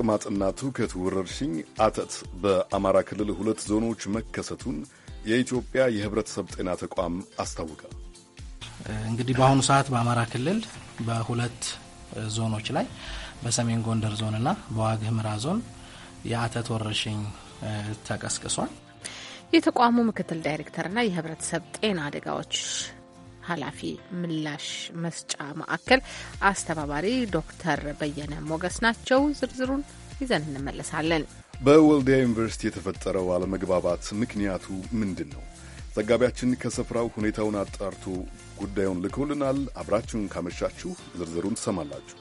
ቅማጥና ትውከት ወረርሽኝ አተት በአማራ ክልል ሁለት ዞኖች መከሰቱን የኢትዮጵያ የሕብረተሰብ ጤና ተቋም አስታወቀ። እንግዲህ በአሁኑ ሰዓት በአማራ ክልል በሁለት ዞኖች ላይ በሰሜን ጎንደር ዞንና በዋግህ ምራ ዞን የአተት ወረርሽኝ ተቀስቅሷል። የተቋሙ ምክትል ዳይሬክተርና የሕብረተሰብ ጤና አደጋዎች ኃላፊ ምላሽ መስጫ ማዕከል አስተባባሪ ዶክተር በየነ ሞገስ ናቸው። ዝርዝሩን ይዘን እንመለሳለን። በወልዲያ ዩኒቨርሲቲ የተፈጠረው አለመግባባት ምክንያቱ ምንድን ነው? ዘጋቢያችን ከስፍራው ሁኔታውን አጣርቶ ጉዳዩን ልኮልናል። አብራችሁን ካመሻችሁ ዝርዝሩን ትሰማላችሁ።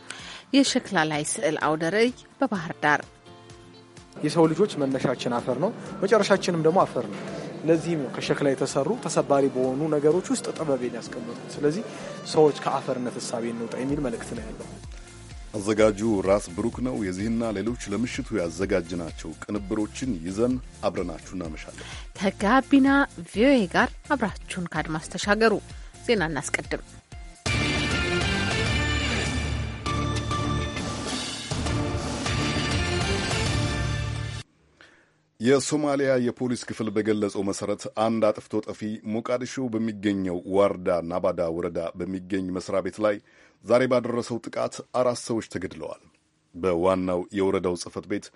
የሸክላ ላይ ስዕል አውደ ርዕይ በባህር ዳር የሰው ልጆች መነሻችን አፈር ነው፣ መጨረሻችንም ደግሞ አፈር ነው። ለዚህም ነው ከሸክላ የተሰሩ ተሰባሪ በሆኑ ነገሮች ውስጥ ጥበብን ያስቀመጡት። ስለዚህ ሰዎች ከአፈርነት እሳቤ እንውጣ የሚል መልእክት ነው ያለው። አዘጋጁ ራስ ብሩክ ነው። የዚህና ሌሎች ለምሽቱ ያዘጋጅናቸው ቅንብሮችን ይዘን አብረናችሁ እናመሻለን። ከጋቢና ቪኦኤ ጋር አብራችሁን ከአድማስ ተሻገሩ። ዜና እናስቀድም። የሶማሊያ የፖሊስ ክፍል በገለጸው መሠረት አንድ አጥፍቶ ጠፊ ሞቃዲሾ በሚገኘው ዋርዳ ናባዳ ወረዳ በሚገኝ መስሪያ ቤት ላይ ዛሬ ባደረሰው ጥቃት አራት ሰዎች ተገድለዋል። በዋናው የወረዳው ጽህፈት ቤት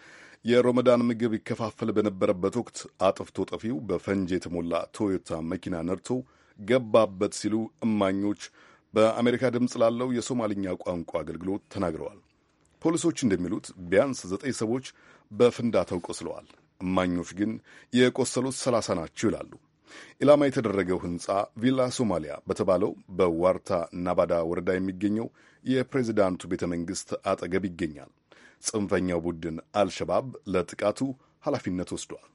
የሮመዳን ምግብ ይከፋፈል በነበረበት ወቅት አጥፍቶ ጠፊው በፈንጅ የተሞላ ቶዮታ መኪና ነድቶ ገባበት ሲሉ እማኞች በአሜሪካ ድምፅ ላለው የሶማልኛ ቋንቋ አገልግሎት ተናግረዋል። ፖሊሶች እንደሚሉት ቢያንስ ዘጠኝ ሰዎች በፍንዳታው ቆስለዋል። እማኞች ግን የቆሰሉት ሰላሳ ናቸው ይላሉ። ኢላማ የተደረገው ህንፃ ቪላ ሶማሊያ በተባለው በዋርታ ናባዳ ወረዳ የሚገኘው የፕሬዚዳንቱ ቤተ መንግሥት አጠገብ ይገኛል። ጽንፈኛው ቡድን አልሸባብ ለጥቃቱ ኃላፊነት ወስዷል።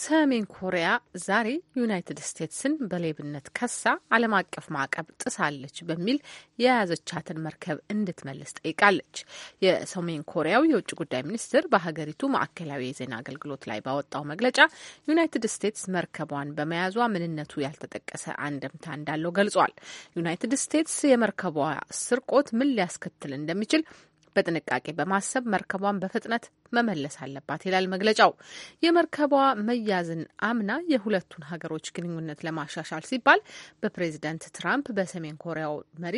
ሰሜን ኮሪያ ዛሬ ዩናይትድ ስቴትስን በሌብነት ከሳ ዓለም አቀፍ ማዕቀብ ጥሳለች በሚል የያዘቻትን መርከብ እንድትመልስ ጠይቃለች። የሰሜን ኮሪያው የውጭ ጉዳይ ሚኒስትር በሀገሪቱ ማዕከላዊ የዜና አገልግሎት ላይ ባወጣው መግለጫ ዩናይትድ ስቴትስ መርከቧን በመያዟ ምንነቱ ያልተጠቀሰ አንድምታ እንዳለው ገልጿል። ዩናይትድ ስቴትስ የመርከቧ ስርቆት ምን ሊያስከትል እንደሚችል በጥንቃቄ በማሰብ መርከቧን በፍጥነት መመለስ አለባት ይላል መግለጫው። የመርከቧ መያዝን አምና የሁለቱን ሀገሮች ግንኙነት ለማሻሻል ሲባል በፕሬዝዳንት ትራምፕ በሰሜን ኮሪያው መሪ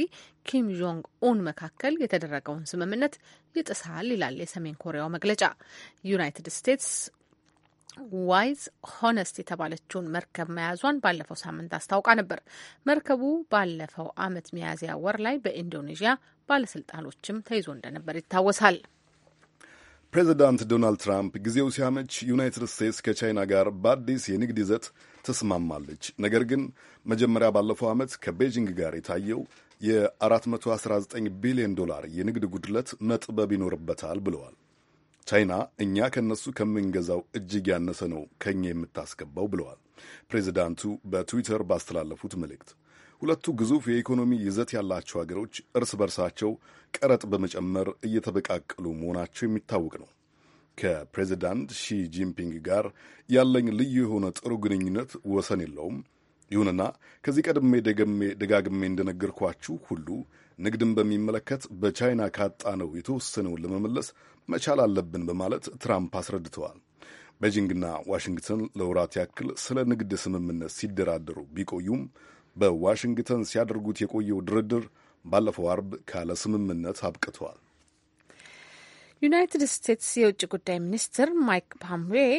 ኪም ጆንግ ኡን መካከል የተደረገውን ስምምነት ይጥሳል ይላል የሰሜን ኮሪያው መግለጫ። ዩናይትድ ስቴትስ ዋይዝ ሆነስት የተባለችውን መርከብ መያዟን ባለፈው ሳምንት አስታውቃ ነበር። መርከቡ ባለፈው ዓመት ሚያዝያ ወር ላይ በኢንዶኔዥያ ባለስልጣኖችም ተይዞ እንደነበር ይታወሳል። ፕሬዚዳንት ዶናልድ ትራምፕ ጊዜው ሲያመች ዩናይትድ ስቴትስ ከቻይና ጋር በአዲስ የንግድ ይዘት ትስማማለች። ነገር ግን መጀመሪያ ባለፈው ዓመት ከቤጂንግ ጋር የታየው የ419 ቢሊዮን ዶላር የንግድ ጉድለት መጥበብ ይኖርበታል ብለዋል። ቻይና እኛ ከነሱ ከምንገዛው እጅግ ያነሰ ነው ከኛ የምታስገባው ብለዋል ፕሬዚዳንቱ በትዊተር ባስተላለፉት መልእክት ሁለቱ ግዙፍ የኢኮኖሚ ይዘት ያላቸው ሀገሮች እርስ በርሳቸው ቀረጥ በመጨመር እየተበቃቀሉ መሆናቸው የሚታወቅ ነው። ከፕሬዚዳንት ሺ ጂንፒንግ ጋር ያለኝ ልዩ የሆነ ጥሩ ግንኙነት ወሰን የለውም። ይሁንና ከዚህ ቀድሜ ደጋግሜ እንደነገርኳችሁ ሁሉ ንግድን በሚመለከት በቻይና ካጣነው የተወሰነውን ለመመለስ መቻል አለብን በማለት ትራምፕ አስረድተዋል። ቤጂንግና ዋሽንግተን ለውራት ያክል ስለ ንግድ ስምምነት ሲደራደሩ ቢቆዩም በዋሽንግተን ሲያደርጉት የቆየው ድርድር ባለፈው አርብ ካለ ስምምነት አብቅተዋል። ዩናይትድ ስቴትስ የውጭ ጉዳይ ሚኒስትር ማይክ ፖምፔዮ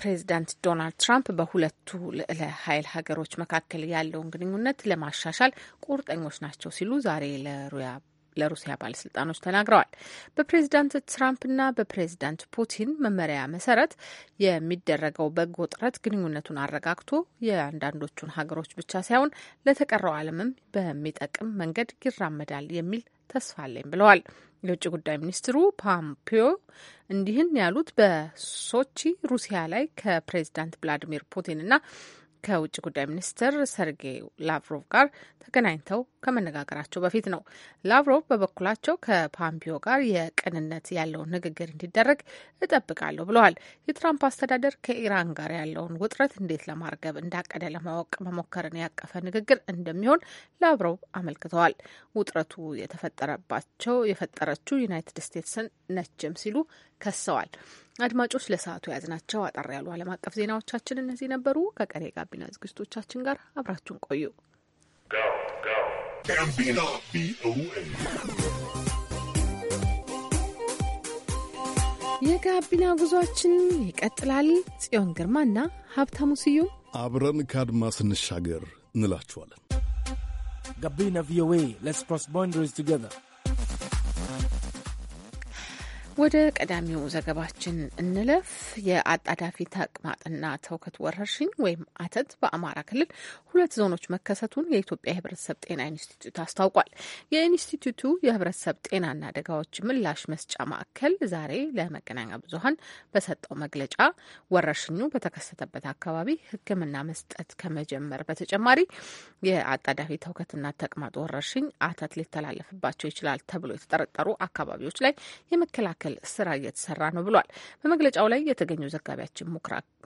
ፕሬዚዳንት ዶናልድ ትራምፕ በሁለቱ ልዕለ ኃይል ሀገሮች መካከል ያለውን ግንኙነት ለማሻሻል ቁርጠኞች ናቸው ሲሉ ዛሬ ለሩያ ለሩሲያ ባለስልጣኖች ተናግረዋል። በፕሬዚዳንት ትራምፕና በፕሬዚዳንት ፑቲን መመሪያ መሰረት የሚደረገው በጎ ጥረት ግንኙነቱን አረጋግቶ የአንዳንዶቹን ሀገሮች ብቻ ሳይሆን ለተቀረው ዓለምም በሚጠቅም መንገድ ይራመዳል የሚል ተስፋ አለኝ ብለዋል። የውጭ ጉዳይ ሚኒስትሩ ፓምፒዮ እንዲህን ያሉት በሶቺ ሩሲያ ላይ ከፕሬዚዳንት ቭላዲሚር ፑቲንና ከውጭ ጉዳይ ሚኒስትር ሰርጌይ ላቭሮቭ ጋር ተገናኝተው ከመነጋገራቸው በፊት ነው። ላቭሮቭ በበኩላቸው ከፓምፒዮ ጋር የቅንነት ያለውን ንግግር እንዲደረግ እጠብቃለሁ ብለዋል። የትራምፕ አስተዳደር ከኢራን ጋር ያለውን ውጥረት እንዴት ለማርገብ እንዳቀደ ለማወቅ መሞከርን ያቀፈ ንግግር እንደሚሆን ላቭሮቭ አመልክተዋል። ውጥረቱ የተፈጠረባቸው የፈጠረችው ዩናይትድ ስቴትስን ነችም ሲሉ ከሰዋል። አድማጮች ለሰዓቱ የያዝናቸው አጠር ያሉ ዓለም አቀፍ ዜናዎቻችን እነዚህ ነበሩ። ከቀሬ ጋቢና ዝግጅቶቻችን ጋር አብራችሁን ቆዩ። የጋቢና ጉዟችን ይቀጥላል። ጽዮን ግርማና ሀብታሙ ስዩም አብረን ከአድማ ስንሻገር እንላችኋለን። ጋቢና ቪኦኤ ሌትስ ክሮስ ባውንደሪስ ቱጌዘር ወደ ቀዳሚው ዘገባችን እንለፍ። የአጣዳፊ ተቅማጥና ተውከት ወረርሽኝ ወይም አተት በአማራ ክልል ሁለት ዞኖች መከሰቱን የኢትዮጵያ የሕብረተሰብ ጤና ኢንስቲትዩት አስታውቋል። የኢንስቲትዩቱ የሕብረተሰብ ጤናና አደጋዎች ምላሽ መስጫ ማዕከል ዛሬ ለመገናኛ ብዙኃን በሰጠው መግለጫ ወረርሽኙ በተከሰተበት አካባቢ ሕክምና መስጠት ከመጀመር በተጨማሪ የአጣዳፊ ተውከትና ተቅማጥ ወረርሽኝ አተት ሊተላለፍባቸው ይችላል ተብሎ የተጠረጠሩ አካባቢዎች ላይ የመከላከል ለማስተካከል ስራ እየተሰራ ነው ብሏል። በመግለጫው ላይ የተገኘው ዘጋቢያችን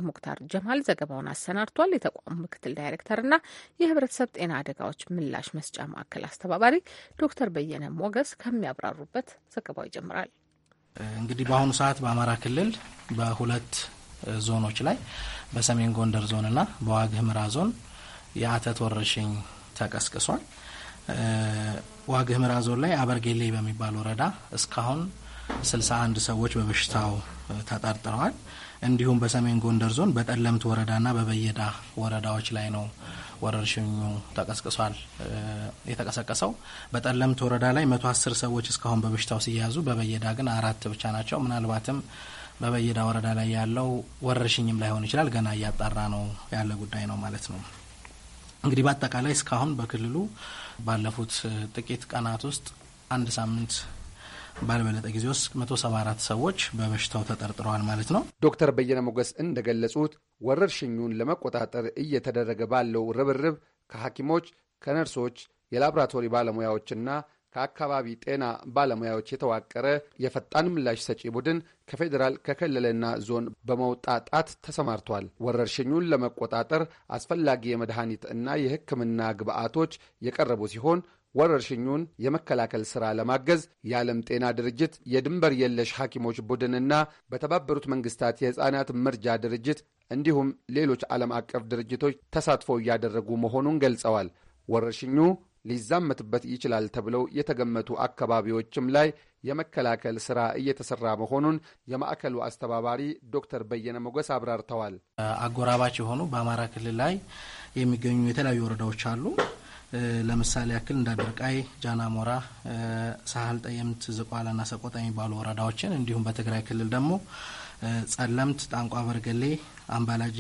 ሙክታር ጀማል ዘገባውን አሰናድቷል። የተቋሙ ምክትል ዳይሬክተርና የህብረተሰብ ጤና አደጋዎች ምላሽ መስጫ ማዕከል አስተባባሪ ዶክተር በየነ ሞገስ ከሚያብራሩበት ዘገባው ይጀምራል። እንግዲህ በአሁኑ ሰዓት በአማራ ክልል በሁለት ዞኖች ላይ በሰሜን ጎንደር ዞንና በዋግ ዞን የአተት ወረርሽኝ ተቀስቅሷል። ዋግህምራ ዞን ላይ አበርጌሌ በሚባል ወረዳ እስካሁን 61 ሰዎች በበሽታው ተጠርጥረዋል። እንዲሁም በሰሜን ጎንደር ዞን በጠለምት ወረዳና በበየዳ ወረዳዎች ላይ ነው ወረርሽኙ ተቀስቅሷል። የተቀሰቀሰው በጠለምት ወረዳ ላይ 110 ሰዎች እስካሁን በበሽታው ሲያዙ፣ በበየዳ ግን አራት ብቻ ናቸው። ምናልባትም በበየዳ ወረዳ ላይ ያለው ወረርሽኝም ላይሆን ይችላል። ገና እያጣራ ነው ያለ ጉዳይ ነው ማለት ነው። እንግዲህ በአጠቃላይ እስካሁን በክልሉ ባለፉት ጥቂት ቀናት ውስጥ አንድ ሳምንት ባልበለጠ ጊዜ ውስጥ 174 ሰዎች በበሽታው ተጠርጥረዋል ማለት ነው። ዶክተር በየነ ሞገስ እንደገለጹት ወረርሽኙን ለመቆጣጠር እየተደረገ ባለው ርብርብ ከሐኪሞች፣ ከነርሶች፣ የላብራቶሪ ባለሙያዎችና ከአካባቢ ጤና ባለሙያዎች የተዋቀረ የፈጣን ምላሽ ሰጪ ቡድን ከፌዴራል ከክልልና ዞን በመውጣጣት ተሰማርቷል። ወረርሽኙን ለመቆጣጠር አስፈላጊ የመድኃኒት እና የሕክምና ግብዓቶች የቀረቡ ሲሆን ወረርሽኙን የመከላከል ሥራ ለማገዝ የዓለም ጤና ድርጅት የድንበር የለሽ ሐኪሞች ቡድንና በተባበሩት መንግስታት የሕፃናት መርጃ ድርጅት እንዲሁም ሌሎች ዓለም አቀፍ ድርጅቶች ተሳትፎ እያደረጉ መሆኑን ገልጸዋል። ወረርሽኙ ሊዛመትበት ይችላል ተብለው የተገመቱ አካባቢዎችም ላይ የመከላከል ስራ እየተሰራ መሆኑን የማዕከሉ አስተባባሪ ዶክተር በየነ ሞገስ አብራርተዋል። አጎራባች የሆኑ በአማራ ክልል ላይ የሚገኙ የተለያዩ ወረዳዎች አሉ። ለምሳሌ ያክል እንደ ድርቃይ፣ ጃናሞራ፣ ሳህል፣ ጠየምት፣ ዝቋላና ሰቆጣ የሚባሉ ወረዳዎችን እንዲሁም በትግራይ ክልል ደግሞ ጸለምት፣ ጣንቋ፣ በርገሌ፣ አምባላጄ፣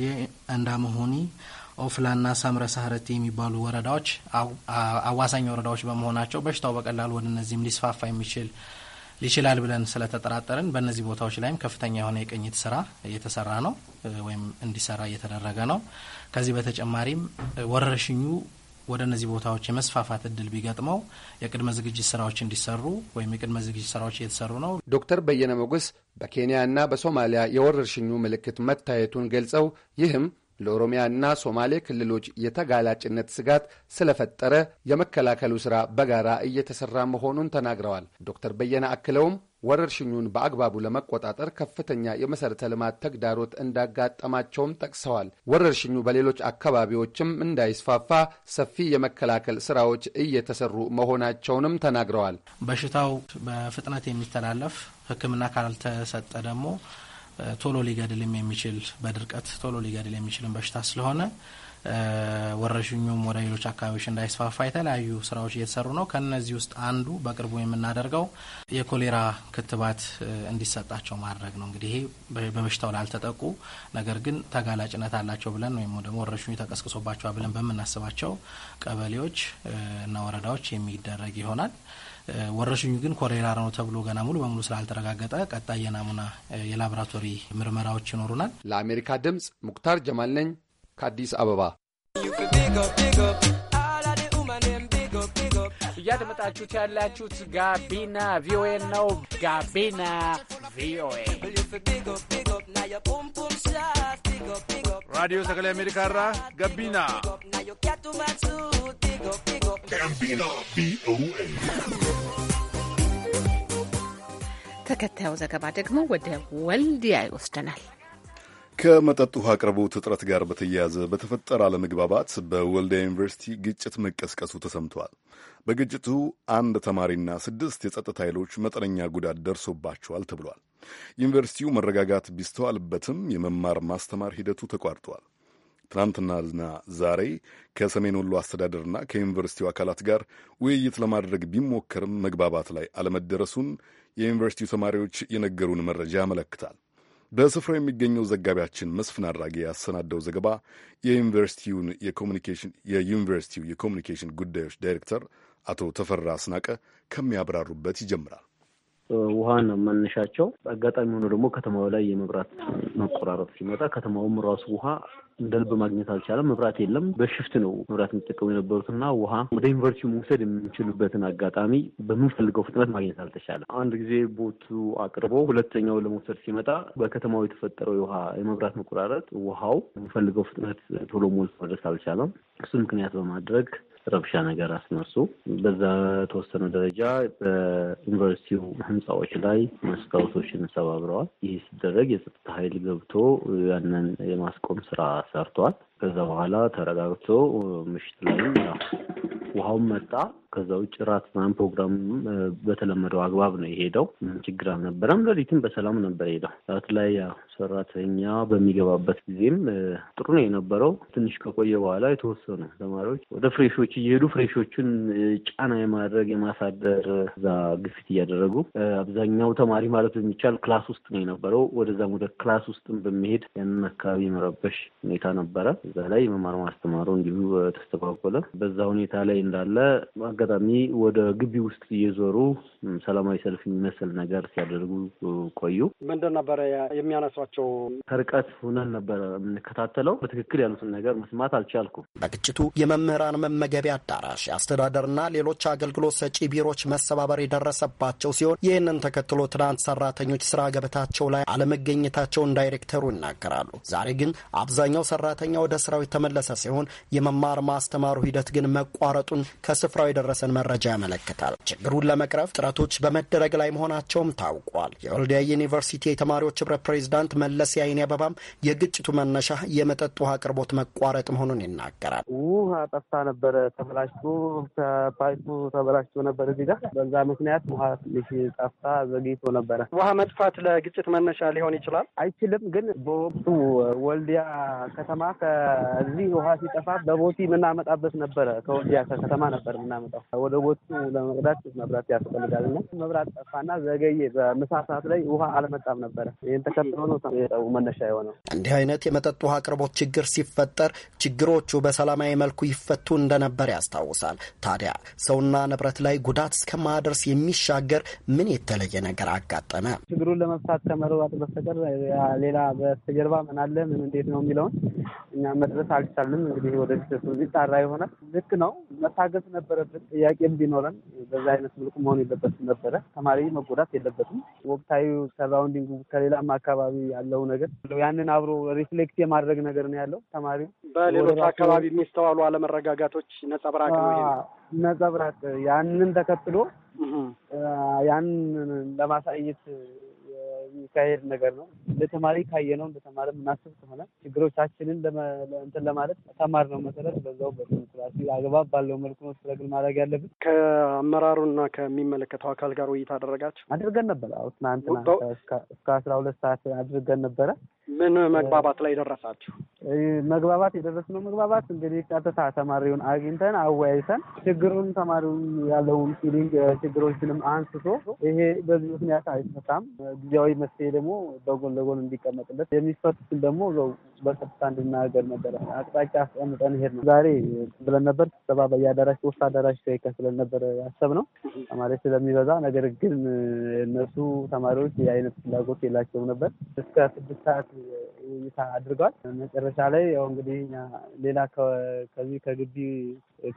እንዳመሆኒ ኦፍላና ሳምረ ሳህረት የሚባሉ ወረዳዎች አዋሳኝ ወረዳዎች በመሆናቸው በሽታው በቀላሉ ወደ እነዚህም ሊስፋፋ የሚችል ይችላል ብለን ስለተጠራጠርን በእነዚህ ቦታዎች ላይም ከፍተኛ የሆነ የቅኝት ስራ እየተሰራ ነው ወይም እንዲሰራ እየተደረገ ነው። ከዚህ በተጨማሪም ወረርሽኙ ወደ እነዚህ ቦታዎች የመስፋፋት እድል ቢገጥመው የቅድመ ዝግጅት ስራዎች እንዲሰሩ ወይም የቅድመ ዝግጅት ስራዎች እየተሰሩ ነው። ዶክተር በየነ ሞገስ በኬንያና በሶማሊያ የወረርሽኙ ምልክት መታየቱን ገልጸው ይህም ለኦሮሚያና ሶማሌ ክልሎች የተጋላጭነት ስጋት ስለፈጠረ የመከላከሉ ስራ በጋራ እየተሰራ መሆኑን ተናግረዋል። ዶክተር በየነ አክለውም ወረርሽኙን በአግባቡ ለመቆጣጠር ከፍተኛ የመሠረተ ልማት ተግዳሮት እንዳጋጠማቸውም ጠቅሰዋል። ወረርሽኙ በሌሎች አካባቢዎችም እንዳይስፋፋ ሰፊ የመከላከል ስራዎች እየተሰሩ መሆናቸውንም ተናግረዋል። በሽታው በፍጥነት የሚተላለፍ ሕክምና ካልተሰጠ ደግሞ ቶሎ ሊገድልም የሚችል በድርቀት ቶሎ ሊገድል የሚችልን በሽታ ስለሆነ ወረሽኙም ወደ ሌሎች አካባቢዎች እንዳይስፋፋ የተለያዩ ስራዎች እየተሰሩ ነው። ከነዚህ ውስጥ አንዱ በቅርቡ የምናደርገው የኮሌራ ክትባት እንዲሰጣቸው ማድረግ ነው። እንግዲህ ይሄ በበሽታው ላልተጠቁ ነገር ግን ተጋላጭነት አላቸው ብለን ወይም ደግሞ ወረሽኙ ተቀስቅሶባቸዋል ብለን በምናስባቸው ቀበሌዎች እና ወረዳዎች የሚደረግ ይሆናል። ወረሽኙ ግን ኮሌራ ነው ተብሎ ገና ሙሉ በሙሉ ስላልተረጋገጠ ቀጣይ የናሙና የላቦራቶሪ ምርመራዎች ይኖሩናል። ለአሜሪካ ድምፅ ሙክታር ጀማል ነኝ ከአዲስ አበባ። እያደመጣችሁት ያላችሁት ጋቢና ቪኦኤ ነው። ጋቢና ቪኦኤ ራዲዮ ሰገሌ አሜሪካ ራ ጋቢና ጋቢና ተከታዩ ዘገባ ደግሞ ወደ ወልዲያ ይወስደናል። ከመጠጥ ውሃ አቅርቦት እጥረት ጋር በተያያዘ በተፈጠረ አለመግባባት በወልዲያ ዩኒቨርሲቲ ግጭት መቀስቀሱ ተሰምቷል። በግጭቱ አንድ ተማሪና ስድስት የጸጥታ ኃይሎች መጠነኛ ጉዳት ደርሶባቸዋል ተብሏል። ዩኒቨርሲቲው መረጋጋት ቢስተዋልበትም የመማር ማስተማር ሂደቱ ተቋርጧል። ትናንትናና ዛሬ ከሰሜን ወሎ አስተዳደርና ከዩኒቨርሲቲው አካላት ጋር ውይይት ለማድረግ ቢሞከርም መግባባት ላይ አለመደረሱን የዩኒቨርሲቲው ተማሪዎች የነገሩን መረጃ ያመለክታል። በስፍራው የሚገኘው ዘጋቢያችን መስፍን አድራጌ ያሰናደው ዘገባ የዩኒቨርሲቲውን የኮሚኒኬሽን ጉዳዮች ዳይሬክተር አቶ ተፈራ አስናቀ ከሚያብራሩበት ይጀምራል። ውሃ ነው መነሻቸው። አጋጣሚ ሆኖ ደግሞ ከተማው ላይ የመብራት መቆራረጥ ሲመጣ ከተማውም ራሱ ውሃ እንደ ልብ ማግኘት አልቻለም። መብራት የለም። በሽፍት ነው መብራት የሚጠቀሙ የነበሩትና ውሃ ወደ ዩኒቨርሲቲ መውሰድ የምንችልበትን አጋጣሚ በምንፈልገው ፍጥነት ማግኘት አልተቻለም። አንድ ጊዜ ቦቱ አቅርቦ ሁለተኛው ለመውሰድ ሲመጣ በከተማው የተፈጠረው የውሃ የመብራት መቆራረጥ ውሃው የምንፈልገው ፍጥነት ቶሎ ሞልቶ መድረስ አልቻለም። እሱ ምክንያት በማድረግ ረብሻ ነገር አስነሱ። በዛ ተወሰነ ደረጃ በዩኒቨርሲቲው ህንፃዎች ላይ መስታወቶችን ሰባብረዋል። ይህ ሲደረግ የጸጥታ ኃይል ገብቶ ያንን የማስቆም ስራ ሰርቷል። ከዛ በኋላ ተረጋግቶ ምሽት ላይ ውሃውን መጣ። ከዛ ውጭ ራት ምናምን ፕሮግራም በተለመደው አግባብ ነው የሄደው። ችግር አልነበረም። ሌሊትም በሰላም ነበር ሄደው። ራት ላይ ሰራተኛ በሚገባበት ጊዜም ጥሩ ነው የነበረው። ትንሽ ከቆየ በኋላ የተወሰኑ ተማሪዎች ወደ ፍሬሾች እየሄዱ ፍሬሾቹን ጫና የማድረግ የማሳደር እዛ ግፊት እያደረጉ አብዛኛው ተማሪ ማለት በሚቻል ክላስ ውስጥ ነው የነበረው። ወደዛም ወደ ክላስ ውስጥም በሚሄድ ያንን አካባቢ መረበሽ ሁኔታ ነበረ። እዛ ላይ የመማር ማስተማሩ እንዲሁ ተስተጓጎለ። በዛ ሁኔታ ላይ እንዳለ አጋጣሚ ወደ ግቢ ውስጥ እየዞሩ ሰላማዊ ሰልፍ የሚመስል ነገር ሲያደርጉ ቆዩ። ምንድን ነበረ የሚያነሷቸው? ከርቀት ሁነን ነበረ የምንከታተለው። በትክክል ያሉትን ነገር መስማት አልቻልኩም። በግጭቱ የመምህራን መመገቢያ አዳራሽ፣ አስተዳደርና ሌሎች አገልግሎት ሰጪ ቢሮዎች መሰባበር የደረሰባቸው ሲሆን ይህንን ተከትሎ ትናንት ሰራተኞች ስራ ገበታቸው ላይ አለመገኘታቸውን ዳይሬክተሩ ይናገራሉ። ዛሬ ግን አብዛኛው ሰራተኛ ወደ ስራው የተመለሰ ሲሆን የመማር ማስተማሩ ሂደት ግን መቋረጡን ከስፍራው የደረሰን መረጃ ያመለክታል። ችግሩን ለመቅረፍ ጥረቶች በመደረግ ላይ መሆናቸውም ታውቋል። የወልዲያ ዩኒቨርሲቲ የተማሪዎች ህብረት ፕሬዚዳንት መለስ የአይኔ አበባም የግጭቱ መነሻ የመጠጥ ውሃ አቅርቦት መቋረጥ መሆኑን ይናገራል። ውሃ ጠፍታ ነበረ፣ ተበላሽቶ ከፓይፑ ተበላሽቶ ነበር። እዚህ ጋር በዛ ምክንያት ውሃ ትንሽ ጠፍታ ዘግይቶ ነበረ። ውሃ መጥፋት ለግጭት መነሻ ሊሆን ይችላል አይችልም። ግን በወቅቱ ወልዲያ ከተማ ከዚህ ውሃ ሲጠፋ በቦቲ የምናመጣበት ነበረ። ከወልዲያ ከከተማ ነበር የምናመጣው። ወደ ቦቱ ለመቅዳት መብራት ያስፈልጋል እና መብራት ጠፋና ዘገየ። በምሳ ሰዓት ላይ ውሃ አልመጣም ነበረ። ይህን ተከትሎ ነው መነሻ የሆነው። እንዲህ አይነት የመጠጥ ውሃ አቅርቦት ችግር ሲፈጠር ችግሮቹ በሰላማዊ መልኩ ይፈቱ እንደነበር ያስታውሳል። ታዲያ ሰውና ንብረት ላይ ጉዳት እስከማደርስ የሚሻገር ምን የተለየ ነገር አጋጠመ? ችግሩን ለመፍታት ከመረዋጥ በስተቀር ሌላ በስተጀርባ ምን አለ ምን እንዴት ነው የሚለውን እኛም መድረስ አልቻልም። እንግዲህ ወደፊት እሱ ሊጣራ ይሆናል። ልክ ነው፣ መታገስ ነበረበት። ጥያቄም ቢኖረን በዛ አይነት መልኩ መሆን የለበትም ነበረ። ተማሪ መጎዳት የለበትም። ወቅታዊ ሰራውንዲንግ ከሌላም አካባቢ ያለው ነገር ያንን አብሮ ሪፍሌክት የማድረግ ነገር ነው ያለው። ተማሪው በሌሎች አካባቢ የሚስተዋሉ አለመረጋጋቶች ነጸብራቅ ነው ነጸብራቅ ያንን ተከትሎ ያንን ለማሳየት የሚካሄድ ነገር ነው። እንደ ተማሪ ካየነው እንደ ተማሪ የምናስብ ከሆነ ችግሮቻችንን እንትን ለማለት ተማር ነው መሰረት በዛው በዲሞክራሲ አግባብ ባለው መልኩ ስለግል ማድረግ ያለብን። ከአመራሩና ከሚመለከተው አካል ጋር ውይይት አደረጋችሁ? አድርገን ነበረ። ትናንትና እስከ አስራ ሁለት ሰዓት አድርገን ነበረ። ምን መግባባት ላይ ደረሳችሁ? መግባባት የደረስነው መግባባት እንግዲህ ቀጥታ ተማሪውን አግኝተን አወያይተን ችግሩን ተማሪውን ያለውን ፊሊንግ ችግሮችንም አንስቶ ይሄ በዚህ ምክንያት አይፈታም፣ ጊዜያዊ መፍትሄ ደግሞ በጎን ለጎን እንዲቀመጥለት የሚፈቱትን ደግሞ በቀጥታ እንድናገር ነበረ አቅጣጫ አስቀምጠን ሄድ ነው። ዛሬ ብለን ነበር ስብሰባ በየአዳራሽ ውስጥ አዳራሽ ተይከ ብለን ያሰብ ነው ተማሪ ስለሚበዛ። ነገር ግን እነሱ ተማሪዎች የአይነት ፍላጎት የላቸውም ነበር። እስከ ስድስት ሰዓት ውይይታ አድርገዋል። መጨረሻ ላይ ያው እንግዲህ ሌላ ከዚህ ከግቢ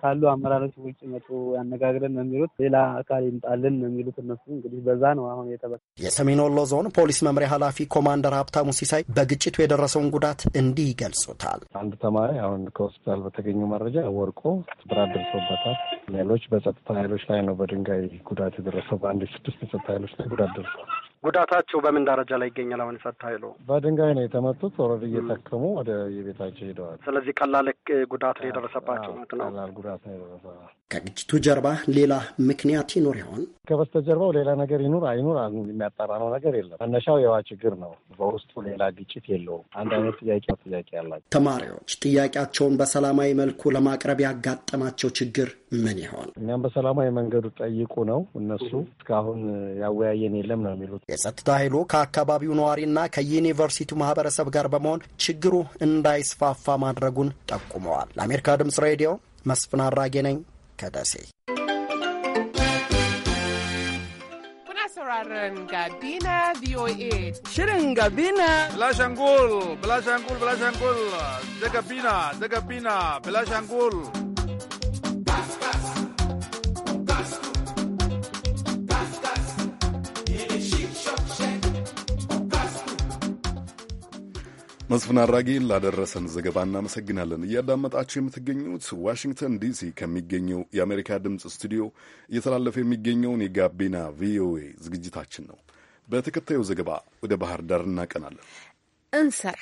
ካሉ አመራሮች ውጭ መጡ ያነጋግረን ነው የሚሉት። ሌላ አካል ይምጣልን ነው የሚሉት እነሱ። እንግዲህ በዛ ነው አሁን የተበ የሰሜን ወሎ ዞን ፖሊስ መምሪያ ኃላፊ ኮማንደር ሀብታሙ ሲሳይ በግጭቱ የደረሰውን ጉዳት እንዲህ ይገልጹታል። አንድ ተማሪ አሁን ከሆስፒታል በተገኘ መረጃ ወርቆ ጉዳት ደርሶበታል። ሌሎች በጸጥታ ኃይሎች ላይ ነው በድንጋይ ጉዳት የደረሰው። በአንድ ስድስት የጸጥታ ኃይሎች ላይ ጉዳት ደርሷል። ጉዳታቸው በምን ደረጃ ላይ ይገኛል? አሁን የጸጥታ ኃይሉ በድንጋይ ነው የተመቱት። ኦልሬዲ እየተከሙ ወደ የቤታቸው ሄደዋል። ስለዚህ ቀላል ጉዳት የደረሰባቸው ማለት ነው። ቀላል ጉዳት ነው የደረሰባቸው። ከግጭቱ ጀርባ ሌላ ምክንያት ይኖር ይሆን? ከበስተጀርባው ሌላ ነገር ይኑር አይኑር የሚያጣራ ነው ነገር የለም። መነሻው የዋ ችግር ነው። በውስጡ ሌላ ግጭት የለውም። አንድ አይነት ጥያቄ ጥያቄ ያላቸው ተማሪዎች ጥያቄያቸውን በሰላማዊ መልኩ ለማቅረብ ያጋጠማቸው ችግር ምን ይሆን? እኛም በሰላማዊ መንገዱ ጠይቁ ነው እነሱ እስካሁን ያወያየን የለም ነው የሚሉት። የጸጥታ ኃይሉ ከአካባቢው ነዋሪና ከዩኒቨርሲቲው ማህበረሰብ ጋር በመሆን ችግሩ እንዳይስፋፋ ማድረጉን ጠቁመዋል። ለአሜሪካ ድምጽ ሬዲዮ መስፍን አራጌ ነኝ ከደሴ። Shirin Gabina መስፍን አድራጌ ላደረሰን ዘገባ እናመሰግናለን። እያዳመጣችሁ የምትገኙት ዋሽንግተን ዲሲ ከሚገኘው የአሜሪካ ድምፅ ስቱዲዮ እየተላለፈ የሚገኘውን የጋቢና ቪኦኤ ዝግጅታችን ነው። በተከታዩ ዘገባ ወደ ባህር ዳር እናቀናለን። እንሰራ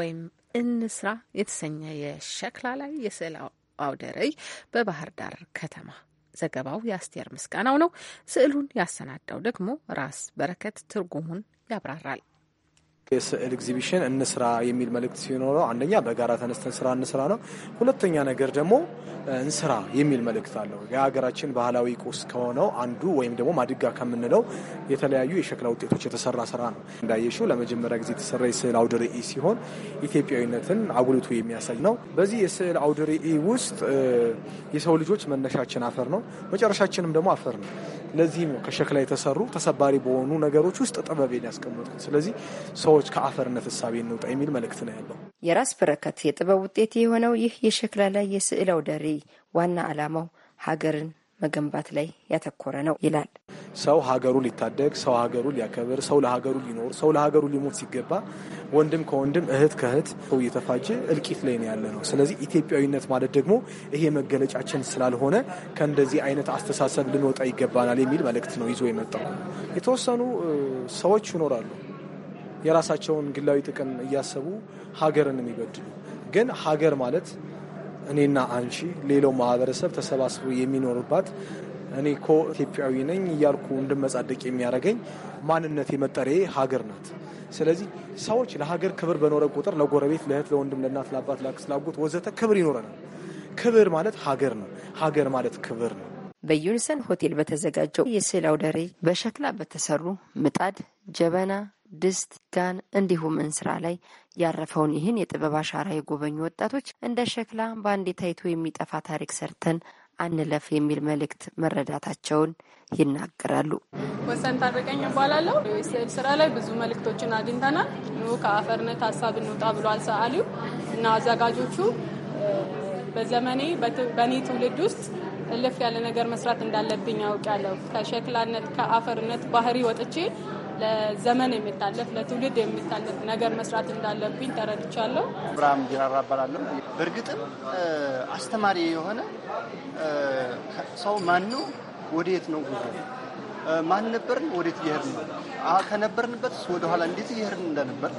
ወይም እንስራ የተሰኘ የሸክላ ላይ የስዕል አውደ ርዕይ በባህር ዳር ከተማ ዘገባው የአስቴር ምስጋናው ነው። ስዕሉን ያሰናዳው ደግሞ ራስ በረከት ትርጉሙን ያብራራል። የስዕል ኤግዚቢሽን እንስራ የሚል መልእክት ሲኖረው አንደኛ በጋራ ተነስተን ስራ እንስራ ነው። ሁለተኛ ነገር ደግሞ እንስራ የሚል መልእክት አለው። የሀገራችን ባህላዊ ቁስ ከሆነው አንዱ ወይም ደግሞ ማድጋ ከምንለው የተለያዩ የሸክላ ውጤቶች የተሰራ ስራ ነው። እንዳየሽው ለመጀመሪያ ጊዜ የተሰራ የስዕል አውደ ርዕይ ሲሆን ኢትዮጵያዊነትን አጉልቶ የሚያሳይ ነው። በዚህ የስዕል አውደ ርዕይ ውስጥ የሰው ልጆች መነሻችን አፈር ነው፣ መጨረሻችንም ደግሞ አፈር ነው። ለዚህም ከሸክላ የተሰሩ ተሰባሪ በሆኑ ነገሮች ውስጥ ጥበብን ያስቀመጥኩት ስለዚህ ሰው ሰዎች ከአፈርነት እሳቤ እንውጣ የሚል መልእክት ነው ያለው። የራስ በረከት የጥበብ ውጤት የሆነው ይህ የሸክላ ላይ የስዕል አውደ ርዕይ ዋና ዓላማው ሀገርን መገንባት ላይ ያተኮረ ነው ይላል። ሰው ሀገሩ ሊታደግ፣ ሰው ሀገሩ ሊያከብር፣ ሰው ለሀገሩ ሊኖር፣ ሰው ለሀገሩ ሊሞት ሲገባ ወንድም ከወንድም እህት ከእህት ሰው እየተፋጀ እልቂት ላይ ነው ያለ ነው። ስለዚህ ኢትዮጵያዊነት ማለት ደግሞ ይሄ መገለጫችን ስላልሆነ ከእንደዚህ አይነት አስተሳሰብ ልንወጣ ይገባናል የሚል መልእክት ነው ይዞ የመጣው። የተወሰኑ ሰዎች ይኖራሉ የራሳቸውን ግላዊ ጥቅም እያሰቡ ሀገርን የሚበድሉ ግን ሀገር ማለት እኔና አንቺ ሌላው ማህበረሰብ ተሰባስቦ የሚኖርባት እኔ ኮ ኢትዮጵያዊ ነኝ እያልኩ እንድመጻደቅ የሚያደርገኝ ማንነት የመጠሬ ሀገር ናት። ስለዚህ ሰዎች ለሀገር ክብር በኖረ ቁጥር ለጎረቤት፣ ለእህት፣ ለወንድም፣ ለእናት፣ ለአባት፣ ለአክስት፣ ለአጎት ወዘተ ክብር ይኖረናል። ክብር ማለት ሀገር ነው። ሀገር ማለት ክብር ነው። በዩኒሰን ሆቴል በተዘጋጀው የስዕል አውደ ርዕይ በሸክላ በተሰሩ ምጣድ፣ ጀበና፣ ድስት፣ ጋን እንዲሁም እንስራ ላይ ያረፈውን ይህን የጥበብ አሻራ የጎበኙ ወጣቶች እንደ ሸክላ በአንዴ ታይቶ የሚጠፋ ታሪክ ሰርተን አንለፍ የሚል መልእክት መረዳታቸውን ይናገራሉ። ወሰን ታረቀኝ እባላለሁ። የስዕል ስራ ላይ ብዙ መልእክቶችን አግኝተናል። ኑ ከአፈርነት ሀሳብ እንውጣ ብሏል ሰዓሊው እና አዘጋጆቹ። በዘመኔ በእኔ ትውልድ ውስጥ እልፍ ያለ ነገር መስራት እንዳለብኝ ያለው ከሸክላነት ከአፈርነት ባህሪ ወጥቼ ለዘመን የሚታለፍ ለትውልድ የሚታለፍ ነገር መስራት እንዳለብኝ ተረድቻለሁ። ብርሃም ጅራራ እባላለሁ። በእርግጥም አስተማሪ የሆነ ሰው ማኑ ወደየት ነው ጉዞ ማን ነበርን? ወዴት እየሄድን ነው? ከነበርንበት ወደኋላ እንዴት እየሄድን እንደነበር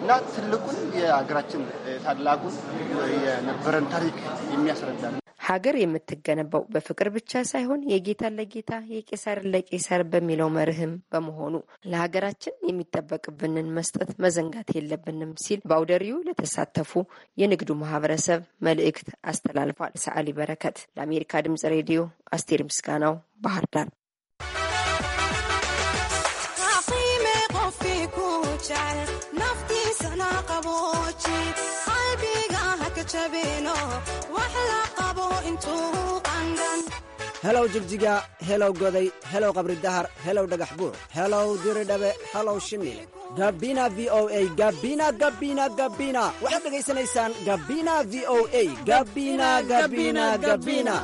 እና ትልቁን የሀገራችን ታላቁን የነበረን ታሪክ የሚያስረዳ ሀገር የምትገነባው በፍቅር ብቻ ሳይሆን የጌታን ለጌታ የቄሳርን ለቄሳር በሚለው መርህም በመሆኑ ለሀገራችን የሚጠበቅብንን መስጠት መዘንጋት የለብንም ሲል በአውደሪው ለተሳተፉ የንግዱ ማህበረሰብ መልእክት አስተላልፏል። ሰዓሊ በረከት ለአሜሪካ ድምጽ ሬዲዮ አስቴር ምስጋናው ባህር ዳር። Nafti sana kabochi helow jigjiga helow goday helow qabri dahar helow dhagax buur helow diri dhabe helow shimil gabina v o a gabina gabina gabina waxaad dhegaysanaysaan gabina v o a gabina gabina gabina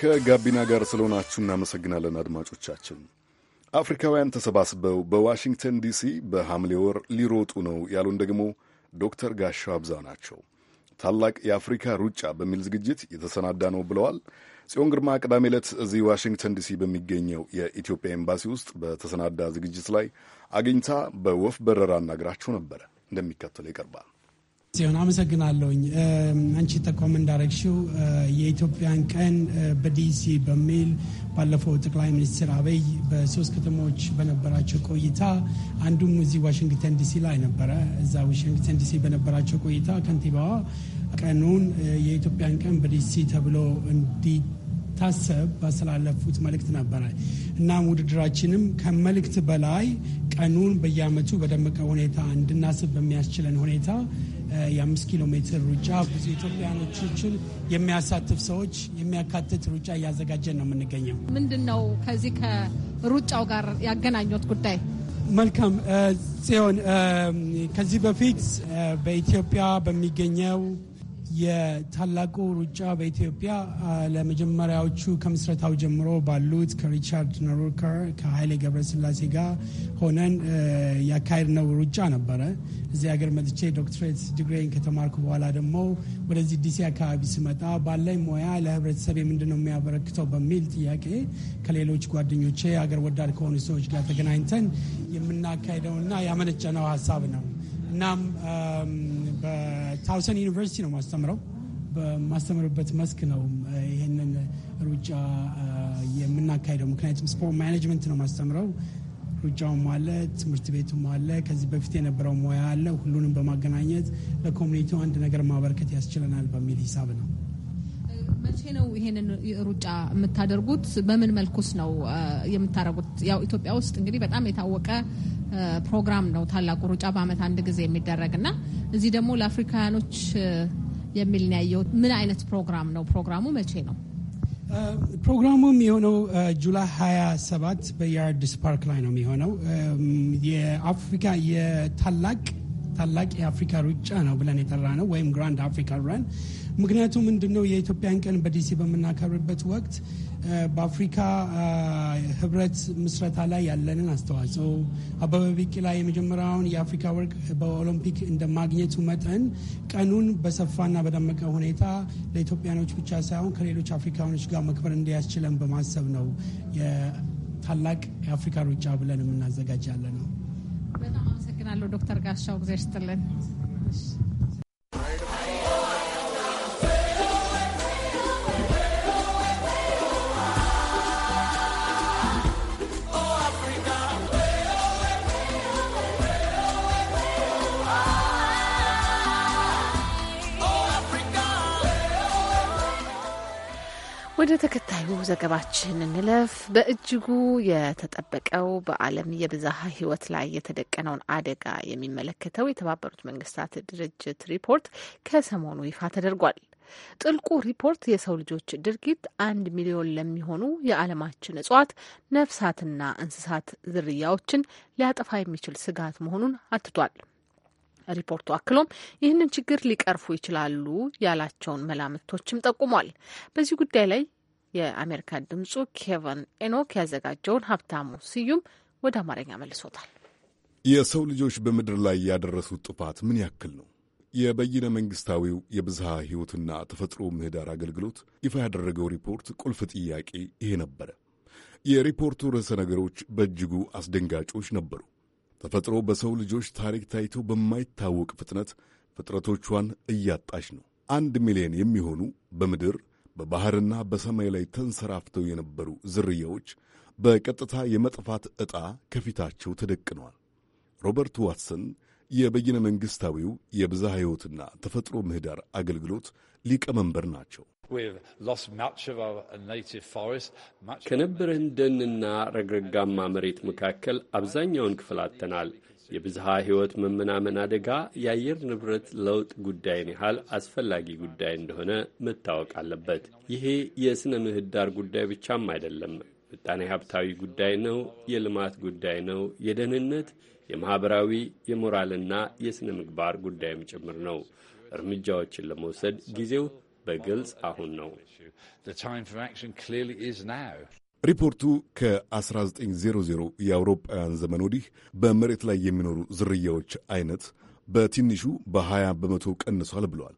ከጋቢና ጋር ስለሆናችሁ እናመሰግናለን አድማጮቻችን። አፍሪካውያን ተሰባስበው በዋሽንግተን ዲሲ በሐምሌ ወር ሊሮጡ ነው ያሉን ደግሞ ዶክተር ጋሻው አብዛ ናቸው። ታላቅ የአፍሪካ ሩጫ በሚል ዝግጅት የተሰናዳ ነው ብለዋል። ጽዮን ግርማ ቅዳሜ ዕለት እዚህ ዋሽንግተን ዲሲ በሚገኘው የኢትዮጵያ ኤምባሲ ውስጥ በተሰናዳ ዝግጅት ላይ አግኝታ በወፍ በረራ አናግራቸው ነበረ። እንደሚከተለው ይቀርባል። ሲሆን አመሰግናለሁኝ። አንቺ ጠቆም እንዳረግሽው የኢትዮጵያን ቀን በዲሲ በሚል ባለፈው ጠቅላይ ሚኒስትር አብይ በሶስት ከተሞች በነበራቸው ቆይታ አንዱም እዚህ ዋሽንግተን ዲሲ ላይ ነበረ። እዛ ዋሽንግተን ዲሲ በነበራቸው ቆይታ ከንቲባዋ ቀኑን የኢትዮጵያን ቀን በዲሲ ተብሎ እንዲታሰብ ባስተላለፉት መልእክት ነበረ። እናም ውድድራችንም ከመልእክት በላይ ቀኑን በየአመቱ በደመቀ ሁኔታ እንድናስብ በሚያስችለን ሁኔታ የአምስት ኪሎ ሜትር ሩጫ ብዙ ኢትዮጵያኖችን የሚያሳትፍ ሰዎች የሚያካትት ሩጫ እያዘጋጀን ነው የምንገኘው። ምንድን ነው ከዚህ ከሩጫው ጋር ያገናኙት ጉዳይ? መልካም ጽዮን፣ ከዚህ በፊት በኢትዮጵያ በሚገኘው የታላቁ ሩጫ በኢትዮጵያ ለመጀመሪያዎቹ ከምስረታው ጀምሮ ባሉት ከሪቻርድ ነሩከር ከኃይሌ ገብረስላሴ ጋር ሆነን ነው ሩጫ ነበረ። እዚህ ሀገር መጥቼ ዶክትሬት ዲግሬን ከተማርኩ በኋላ ደግሞ ወደዚህ ዲሲ አካባቢ ስመጣ ባለኝ ሙያ ለህብረተሰብ የምንድን ነው የሚያበረክተው በሚል ጥያቄ ከሌሎች ጓደኞቼ ሀገር ወዳድ ከሆኑ ሰዎች ጋር ተገናኝተን የምናካሄደውና ያመነጨነው ሀሳብ ነው እናም በታውሰን ዩኒቨርሲቲ ነው ማስተምረው። በማስተምርበት መስክ ነው ይህንን ሩጫ የምናካሄደው። ምክንያቱም ስፖርት ማኔጅመንት ነው ማስተምረው። ሩጫውም አለ፣ ትምህርት ቤቱም አለ፣ ከዚህ በፊት የነበረው ሙያ አለ። ሁሉንም በማገናኘት ለኮሚኒቲው አንድ ነገር ማበረከት ያስችለናል በሚል ሂሳብ ነው። መቼ ነው ይሄንን ሩጫ የምታደርጉት? በምን መልኩስ ነው የምታደርጉት? ያው ኢትዮጵያ ውስጥ እንግዲህ በጣም የታወቀ ፕሮግራም ነው ታላቁ ሩጫ በአመት አንድ ጊዜ የሚደረግ እና እዚህ ደግሞ ለአፍሪካውያኖች የሚል ያየው ምን አይነት ፕሮግራም ነው? ፕሮግራሙ መቼ ነው? ፕሮግራሙ የሚሆነው ጁላይ 27 በየአዲስ ፓርክ ላይ ነው የሚሆነው የአፍሪካ የታላቅ ታላቅ የአፍሪካ ሩጫ ነው ብለን የጠራ ነው ወይም ግራንድ አፍሪካ ራን። ምክንያቱ ምንድን ነው? የኢትዮጵያን ቀን በዲሲ በምናከብርበት ወቅት በአፍሪካ ህብረት ምስረታ ላይ ያለንን አስተዋጽኦ አበበ ቢቂላ የመጀመሪያውን የአፍሪካ ወርቅ በኦሎምፒክ እንደማግኘቱ መጠን ቀኑን በሰፋና በደመቀ ሁኔታ ለኢትዮጵያኖች ብቻ ሳይሆን ከሌሎች አፍሪካኖች ጋር መክበር እንዲያስችለን በማሰብ ነው ታላቅ የአፍሪካ ሩጫ ብለን የምናዘጋጅ ያለ ነው። አመሰግናለሁ ዶክተር ጋሻው ጊዜ ስጥልን። ወደ ተከታዩ ዘገባችን እንለፍ። በእጅጉ የተጠበቀው በዓለም የብዝሃ ሕይወት ላይ የተደቀነውን አደጋ የሚመለከተው የተባበሩት መንግስታት ድርጅት ሪፖርት ከሰሞኑ ይፋ ተደርጓል። ጥልቁ ሪፖርት የሰው ልጆች ድርጊት አንድ ሚሊዮን ለሚሆኑ የዓለማችን እጽዋት፣ ነፍሳትና እንስሳት ዝርያዎችን ሊያጠፋ የሚችል ስጋት መሆኑን አትቷል። ሪፖርቱ አክሎም ይህንን ችግር ሊቀርፉ ይችላሉ ያላቸውን መላምቶችም ጠቁሟል። በዚህ ጉዳይ ላይ የአሜሪካ ድምጹ ኬቨን ኤኖክ ያዘጋጀውን ሀብታሙ ስዩም ወደ አማርኛ መልሶታል። የሰው ልጆች በምድር ላይ ያደረሱት ጥፋት ምን ያክል ነው? የበይነ መንግስታዊው የብዝሃ ሕይወትና ተፈጥሮ ምህዳር አገልግሎት ይፋ ያደረገው ሪፖርት ቁልፍ ጥያቄ ይሄ ነበረ። የሪፖርቱ ርዕሰ ነገሮች በእጅጉ አስደንጋጮች ነበሩ። ተፈጥሮ በሰው ልጆች ታሪክ ታይቶ በማይታወቅ ፍጥነት ፍጥረቶቿን እያጣች ነው። አንድ ሚሊዮን የሚሆኑ በምድር በባሕርና በሰማይ ላይ ተንሰራፍተው የነበሩ ዝርያዎች በቀጥታ የመጥፋት ዕጣ ከፊታቸው ተደቅኗል። ሮበርት ዋትሰን የበይነ መንግሥታዊው የብዝሃ ሕይወትና ተፈጥሮ ምህዳር አገልግሎት ሊቀመንበር ናቸው። ከነበረን ደንና ረግረጋማ መሬት መካከል አብዛኛውን ክፍል አጥተናል። የብዝሃ ሕይወት መመናመን አደጋ የአየር ንብረት ለውጥ ጉዳይን ያህል አስፈላጊ ጉዳይ እንደሆነ መታወቅ አለበት። ይሄ የሥነ ምህዳር ጉዳይ ብቻም አይደለም፣ ምጣኔ ሀብታዊ ጉዳይ ነው፣ የልማት ጉዳይ ነው፣ የደህንነት፣ የማኅበራዊ፣ የሞራልና የሥነ ምግባር ጉዳይም ጭምር ነው። እርምጃዎችን ለመውሰድ ጊዜው በግልጽ አሁን ነው። ሪፖርቱ ከ1900 የአውሮፓውያን ዘመን ወዲህ በመሬት ላይ የሚኖሩ ዝርያዎች አይነት በትንሹ በ20 በመቶ ቀንሷል ብለዋል።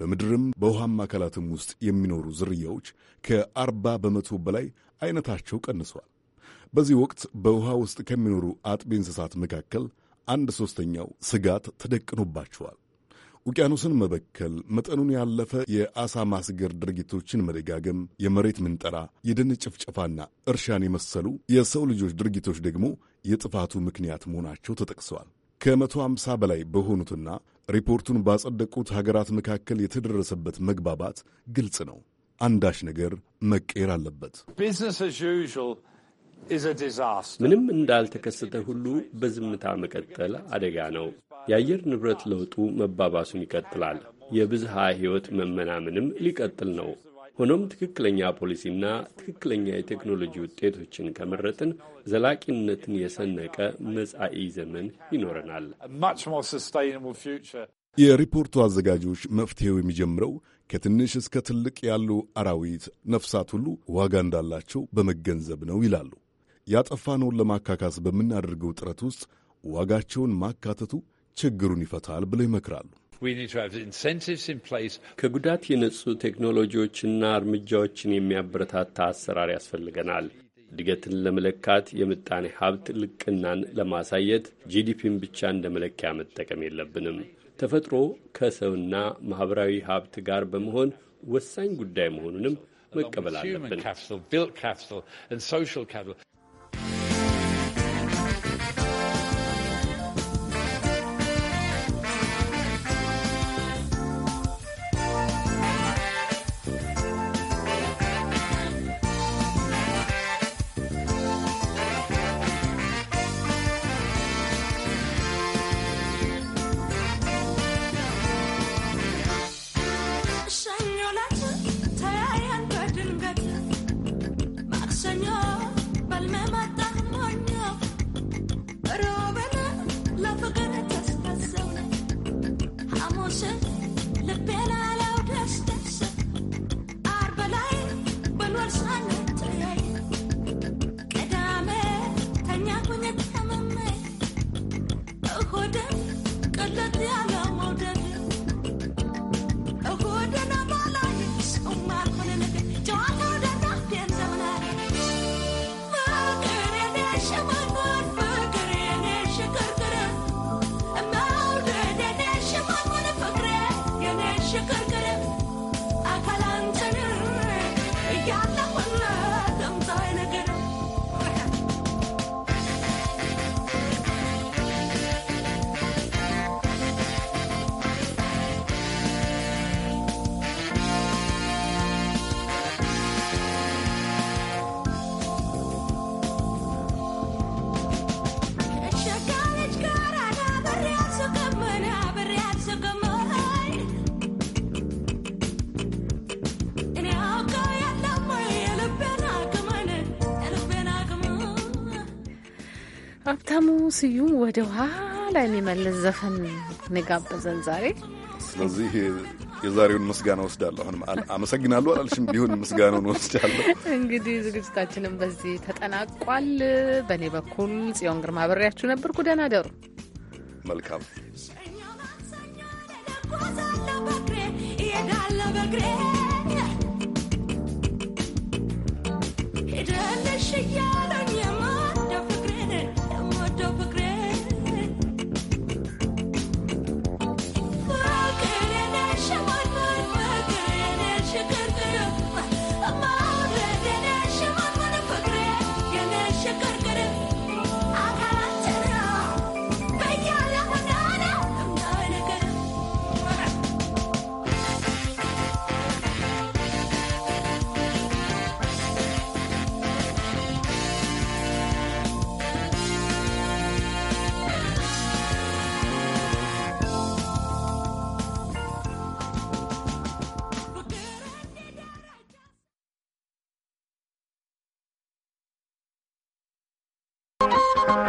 በምድርም በውሃ አካላትም ውስጥ የሚኖሩ ዝርያዎች ከ40 በመቶ በላይ አይነታቸው ቀንሷል። በዚህ ወቅት በውሃ ውስጥ ከሚኖሩ አጥቢ እንስሳት መካከል አንድ ሦስተኛው ስጋት ተደቅኖባቸዋል። ውቅያኖስን መበከል፣ መጠኑን ያለፈ የአሳ ማስገር ድርጊቶችን መደጋገም፣ የመሬት ምንጠራ፣ የደን ጭፍጨፋና እርሻን የመሰሉ የሰው ልጆች ድርጊቶች ደግሞ የጥፋቱ ምክንያት መሆናቸው ተጠቅሰዋል። ከመቶ ሃምሳ በላይ በሆኑትና ሪፖርቱን ባጸደቁት ሀገራት መካከል የተደረሰበት መግባባት ግልጽ ነው። አንዳች ነገር መቀየር አለበት። ምንም እንዳልተከሰተ ሁሉ በዝምታ መቀጠል አደጋ ነው። የአየር ንብረት ለውጡ መባባሱን ይቀጥላል። የብዝሃ ሕይወት መመናመንም ሊቀጥል ነው። ሆኖም ትክክለኛ ፖሊሲና ትክክለኛ የቴክኖሎጂ ውጤቶችን ከመረጥን ዘላቂነትን የሰነቀ መጻኢ ዘመን ይኖረናል። የሪፖርቱ አዘጋጆች መፍትሔው የሚጀምረው ከትንሽ እስከ ትልቅ ያሉ አራዊት፣ ነፍሳት ሁሉ ዋጋ እንዳላቸው በመገንዘብ ነው ይላሉ። ያጠፋነውን ለማካካስ በምናደርገው ጥረት ውስጥ ዋጋቸውን ማካተቱ ችግሩን ይፈታል ብለው ይመክራሉ። ከጉዳት የነጹ ቴክኖሎጂዎችና እርምጃዎችን የሚያበረታታ አሰራር ያስፈልገናል። እድገትን ለመለካት የምጣኔ ሀብት ልቅናን ለማሳየት ጂዲፒን ብቻ እንደ መለኪያ መጠቀም የለብንም። ተፈጥሮ ከሰውና ማኅበራዊ ሀብት ጋር በመሆን ወሳኝ ጉዳይ መሆኑንም መቀበል አለብን። ስዩም ወደ ኋላ የሚመልስ ዘፈን ንጋበዘን ዛሬ። ስለዚህ የዛሬውን ምስጋና ወስዳለሁ። አሁንም አመሰግናለሁ አላልሽም ቢሆን ምስጋናውን ወስዳለሁ። እንግዲህ ዝግጅታችንም በዚህ ተጠናቋል። በእኔ በኩል ጽዮን ግርማ አብሬያችሁ ነበርኩ። ደህና ደሩ። መልካም ይሄዳለ በግሬ